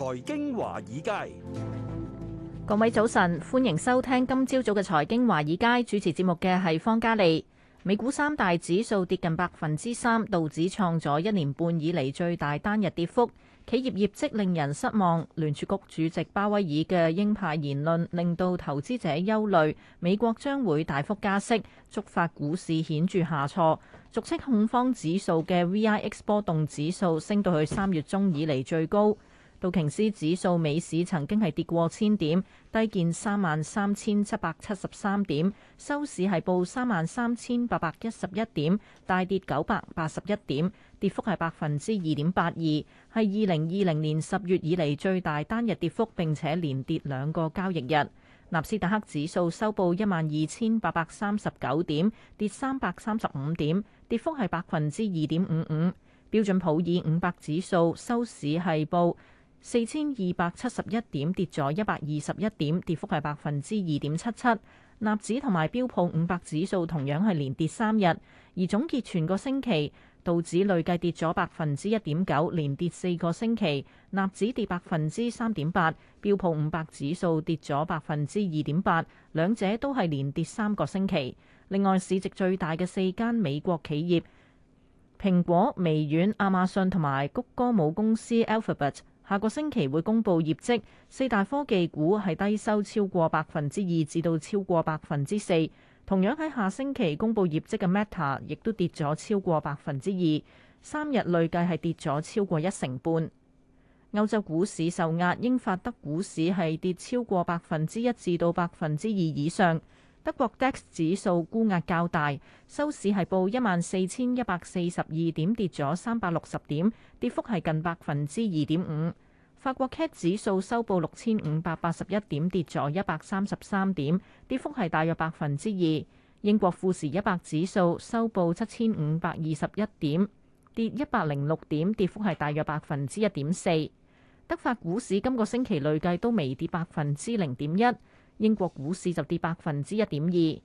財經華爾街，各位早晨，歡迎收聽今朝早嘅財經華爾街主持節目嘅係方嘉利。美股三大指數跌近百分之三，道指創咗一年半以嚟，最大單日跌幅。企業業績令人失望，聯儲局主席鮑威爾嘅鷹派言論令到投資者憂慮，美國將會大幅加息，觸發股市顯著下挫。俗稱恐慌指數嘅 VIX 波動指數升到去三月中以嚟最高。道瓊斯指數、美市曾經係跌過千點，低見三萬三千七百七十三點，收市係報三萬三千八百一十一點，大跌九百八十一點，跌幅係百分之二點八二，係二零二零年十月以嚟最大單日跌幅，並且連跌兩個交易日。納斯達克指數收報一萬二千八百三十九點，跌三百三十五點，跌幅係百分之二點五五。標準普爾五百指數收市係報，四千二百七十一點，跌咗一百二十一點，跌幅係百分之二點七七。納指同埋標普五百指數同樣係連跌三日，而總結全個星期道指累計跌咗百分之一點九，連跌四個星期；納指跌百分之三點八，標普五百指數跌咗百分之二點八，兩者都係連跌三個星期。另外，市值最大嘅四間美國企業蘋果、微軟、亞馬遜同埋谷歌母公司 Alphabet。下個星期會公布業績，四大科技股係低收超過百分之二至到超過百分之四，同樣喺下星期公布業績嘅 Meta 亦都跌咗超過百分之二，三日累計係跌咗超過一成半。歐洲股市受壓，英法德股市係跌超過百分之一至到百分之二以上。德國 DAX 指數沽壓較大，收市係報一萬四千一百四十二點，跌咗三百六十點，跌幅係近百分之二點五。法國 CAC 指數收報六千五百八十一點，跌咗一百三十三點，跌幅係大約百分之二。英國富時一百指數收報七千五百二十一點，跌一百零六點，跌幅係大約百分之一點四。德法股市今個星期累計都微跌百分之零點一。英國股市就跌百分之一點二，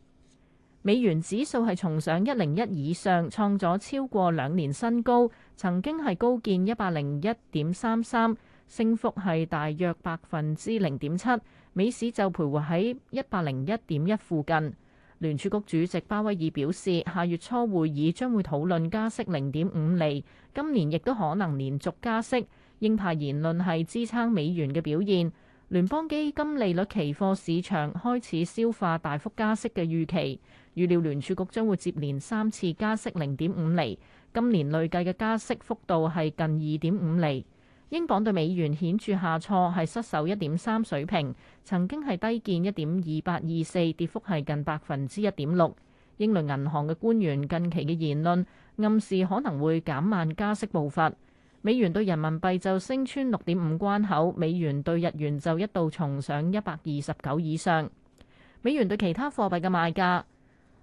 美元指數係重上一零一以上，創咗超過兩年新高，曾經係高見一百零一點三三，升幅係大約百分之零點七，美市就徘徊喺一百零一點一附近。聯儲局主席巴威爾表示，下月初會議將會討論加息零點五厘，今年亦都可能連續加息。鷹派言論係支撐美元嘅表現。聯邦基金利率期貨市場開始消化大幅加息嘅預期，預料聯儲局將會接連三次加息零點五厘。今年累計嘅加息幅度係近二點五厘。英鎊對美元顯著下挫，係失守一點三水平，曾經係低見一點二八二四，跌幅係近百分之一點六。英倫銀行嘅官員近期嘅言論暗示可能會減慢加息步伐。美元兌人民幣就升穿六點五關口，美元對日元就一度重上一百二十九以上。美元對其他貨幣嘅賣價：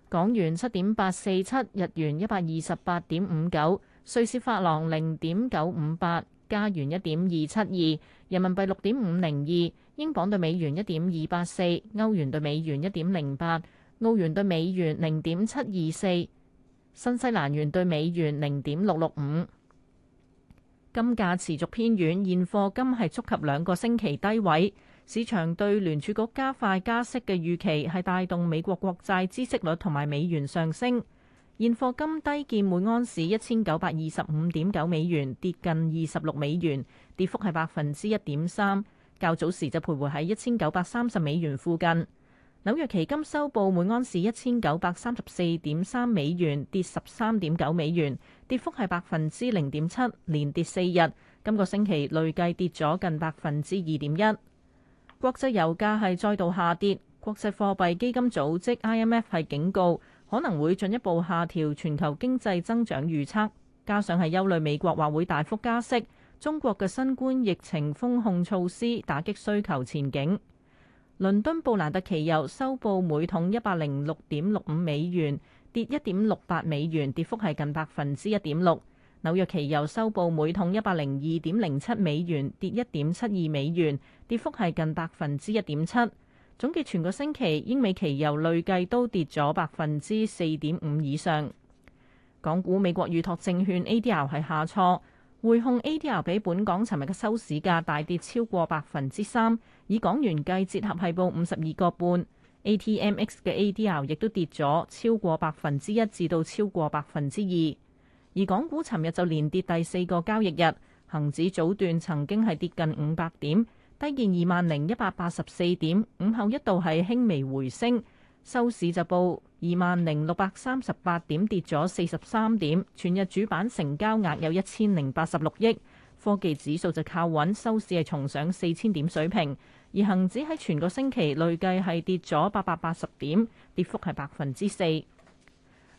港元七點八四七，日元一百二十八點五九，瑞士法郎零點九五八，加元一點二七二，人民幣六點五零二，英鎊對美元一點二八四，歐元對美元一點零八，澳元對美元零點七二四，新西蘭元對美元零點六六五。金價持續偏軟，現貨金係觸及兩個星期低位。市場對聯儲局加快加息嘅預期係帶動美國國債孳息率同埋美元上升。現貨金低見每安士一千九百二十五點九美元，跌近二十六美元，跌幅係百分之一點三。較早時就徘徊喺一千九百三十美元附近。紐約期金收報每盎司一千九百三十四點三美元，跌十三點九美元，跌幅係百分之零點七，連跌四日。今個星期累計跌咗近百分之二點一。國際油價係再度下跌，國際貨幣基金組織 IMF 係警告可能會進一步下調全球經濟增長預測，加上係憂慮美國話會大幅加息，中國嘅新冠疫情封控措施打擊需求前景。倫敦布蘭特期油收報每桶一百零六點六五美元，跌一點六八美元，跌幅係近百分之一點六。紐約期油收報每桶一百零二點零七美元，跌一點七二美元，跌幅係近百分之一點七。總結全個星期，英美期油累計都跌咗百分之四點五以上。港股美國預託證券 ADR 係下挫。匯控 ADR 比本港尋日嘅收市價大跌超過百分之三，以港元計，折合係報五十二個半。ATMX 嘅 ADR 亦都跌咗超過百分之一至到超過百分之二，而港股尋日就連跌第四個交易日，恒指早段曾經係跌近五百點，低見二萬零一百八十四點，午後一度係輕微回升。收市就報二萬零六百三十八點，跌咗四十三點。全日主板成交額有一千零八十六億。科技指數就靠穩，收市係重上四千點水平。而恒指喺全個星期累計係跌咗八百八十點，跌幅係百分之四。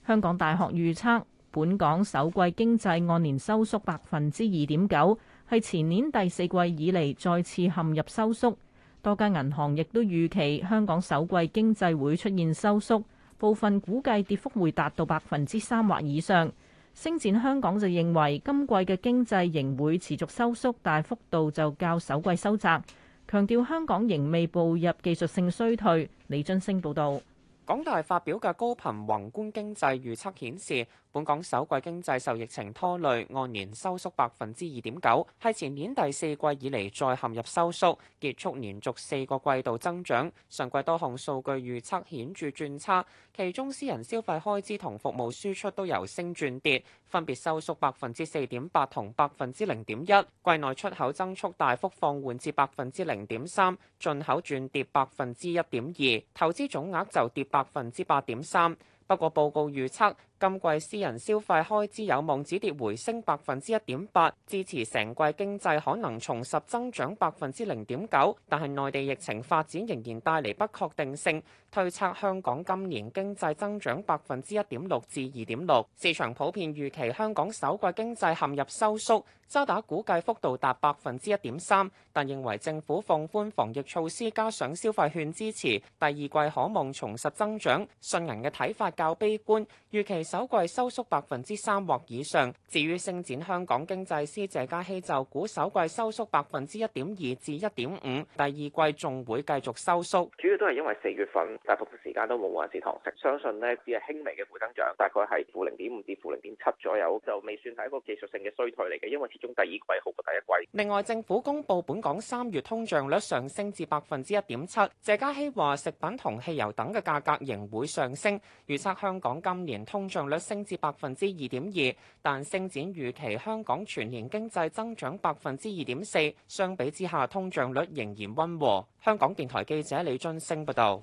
香港大學預測，本港首季經濟按年收縮百分之二點九，係前年第四季以嚟再次陷入收縮。多間銀行亦都預期香港首季經濟會出現收縮，部分估計跌幅會達到百分之三或以上。星展香港就認為，今季嘅經濟仍會持續收縮，但幅度就較首季收窄。強調香港仍未步入技術性衰退。李津升報導，港大發表嘅高頻宏觀經濟預測顯示，本港首季經濟受疫情拖累，按年收縮百分之二點九，係前年第四季以嚟再陷入收縮，結束連續四個季度增長。上季多項數據預測顯著轉差，其中私人消費開支同服務輸出都由升轉跌，分別收縮百分之四點八同百分之零點一。季內出口增速大幅放緩至百分之零點三，進口轉跌百分之一點二，投資總額就跌百分之八點三。不過報告預測。今季私人消費開支有望止跌回升百分之一點八，支持成季經濟可能重拾增長百分之零點九。但係內地疫情發展仍然帶嚟不確定性，推測香港今年經濟增長百分之一點六至二點六。市場普遍預期香港首季經濟陷入收縮，渣打估計幅度達百分之一點三，但認為政府放寬防疫措施，加上消費券支持，第二季可望重拾增長。信銀嘅睇法較悲觀，預期。首季收縮百分之三或以上。至於星展香港經濟師謝家熙，就估首季收縮百分之一點二至一點五，第二季仲會繼續收縮。主要都係因為四月份大部分時間都冇還是堂食，相信呢只係輕微嘅負增長，大概係負零點五至負零點七左右，就未算係一個技術性嘅衰退嚟嘅，因為始終第二季好過第一季。另外，政府公布本港三月通脹率上升至百分之一點七，謝家熙話食品同汽油等嘅價格仍會上升，預測香港今年通脹率升至百分之二點二，但升展預期香港全年經濟增長百分之二點四。相比之下，通脹率仍然温和。香港電台記者李俊升報道。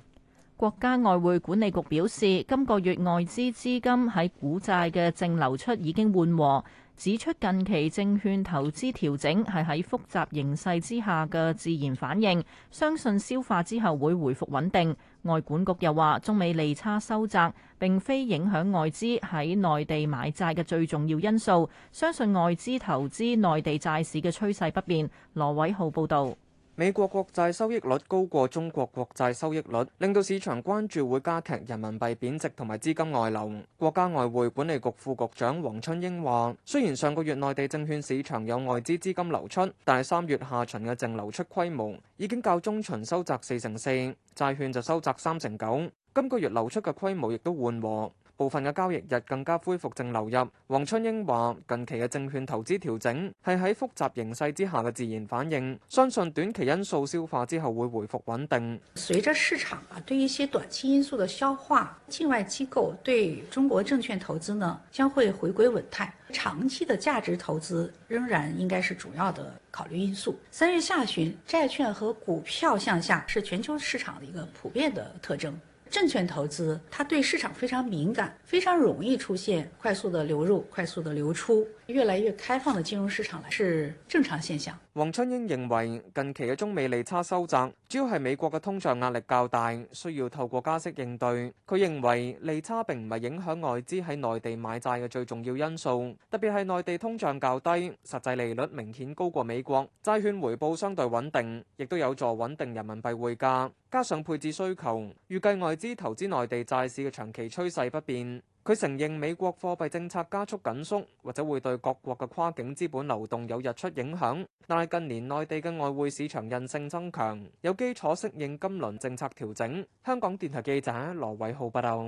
國家外匯管理局表示，今個月外資資金喺股債嘅淨流出已經緩和。指出近期證券投資調整係喺複雜形勢之下嘅自然反應，相信消化之後會回復穩定。外管局又話，中美利差收窄並非影響外資喺內地買債嘅最重要因素，相信外資投資內地債市嘅趨勢不變。羅偉浩報導。美國國債收益率高過中國國債收益率，令到市場關注會加劇人民幣貶值同埋資金外流。國家外匯管理局副局長黃春英話，雖然上個月內地證券市場有外資資金流出，但係三月下旬嘅淨流出規模已經較中旬收窄四成四，債券就收窄三成九，今個月流出嘅規模亦都緩和。部分嘅交易日更加恢復正流入。黃春英話近期嘅證券投資調整係喺複雜形勢之下嘅自然反應，相信短期因素消化之後會回復穩定。隨着市場啊對一些短期因素的消化，境外機構對中國證券投資呢將會回歸穩態，長期的價值投資仍然應該是主要的考慮因素。三月下旬，債券和股票向下是全球市場的一個普遍的特徵。證券投資，它對市場非常敏感，非常容易出現快速的流入、快速的流出。越來越開放的金融市場，係是正常現象。王春英認為，近期嘅中美利差收窄，主要係美國嘅通脹壓力較大，需要透過加息應對。佢認為，利差並唔係影響外資喺內地買債嘅最重要因素，特別係內地通脹較低，實際利率明顯高過美國，債券回報相對穩定，亦都有助穩定人民幣匯價。加上配置需求，預計外資投資內地債市嘅長期趨勢不變。佢承認美國貨幣政策加速緊縮，或者會對各國嘅跨境資本流動有日出影響。但係近年內地嘅外匯市場韌性增強，有基礎適應今輪政策調整。香港電台記者羅偉浩報道。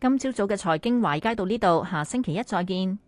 今朝早嘅財經華爾街到呢度，下星期一再見。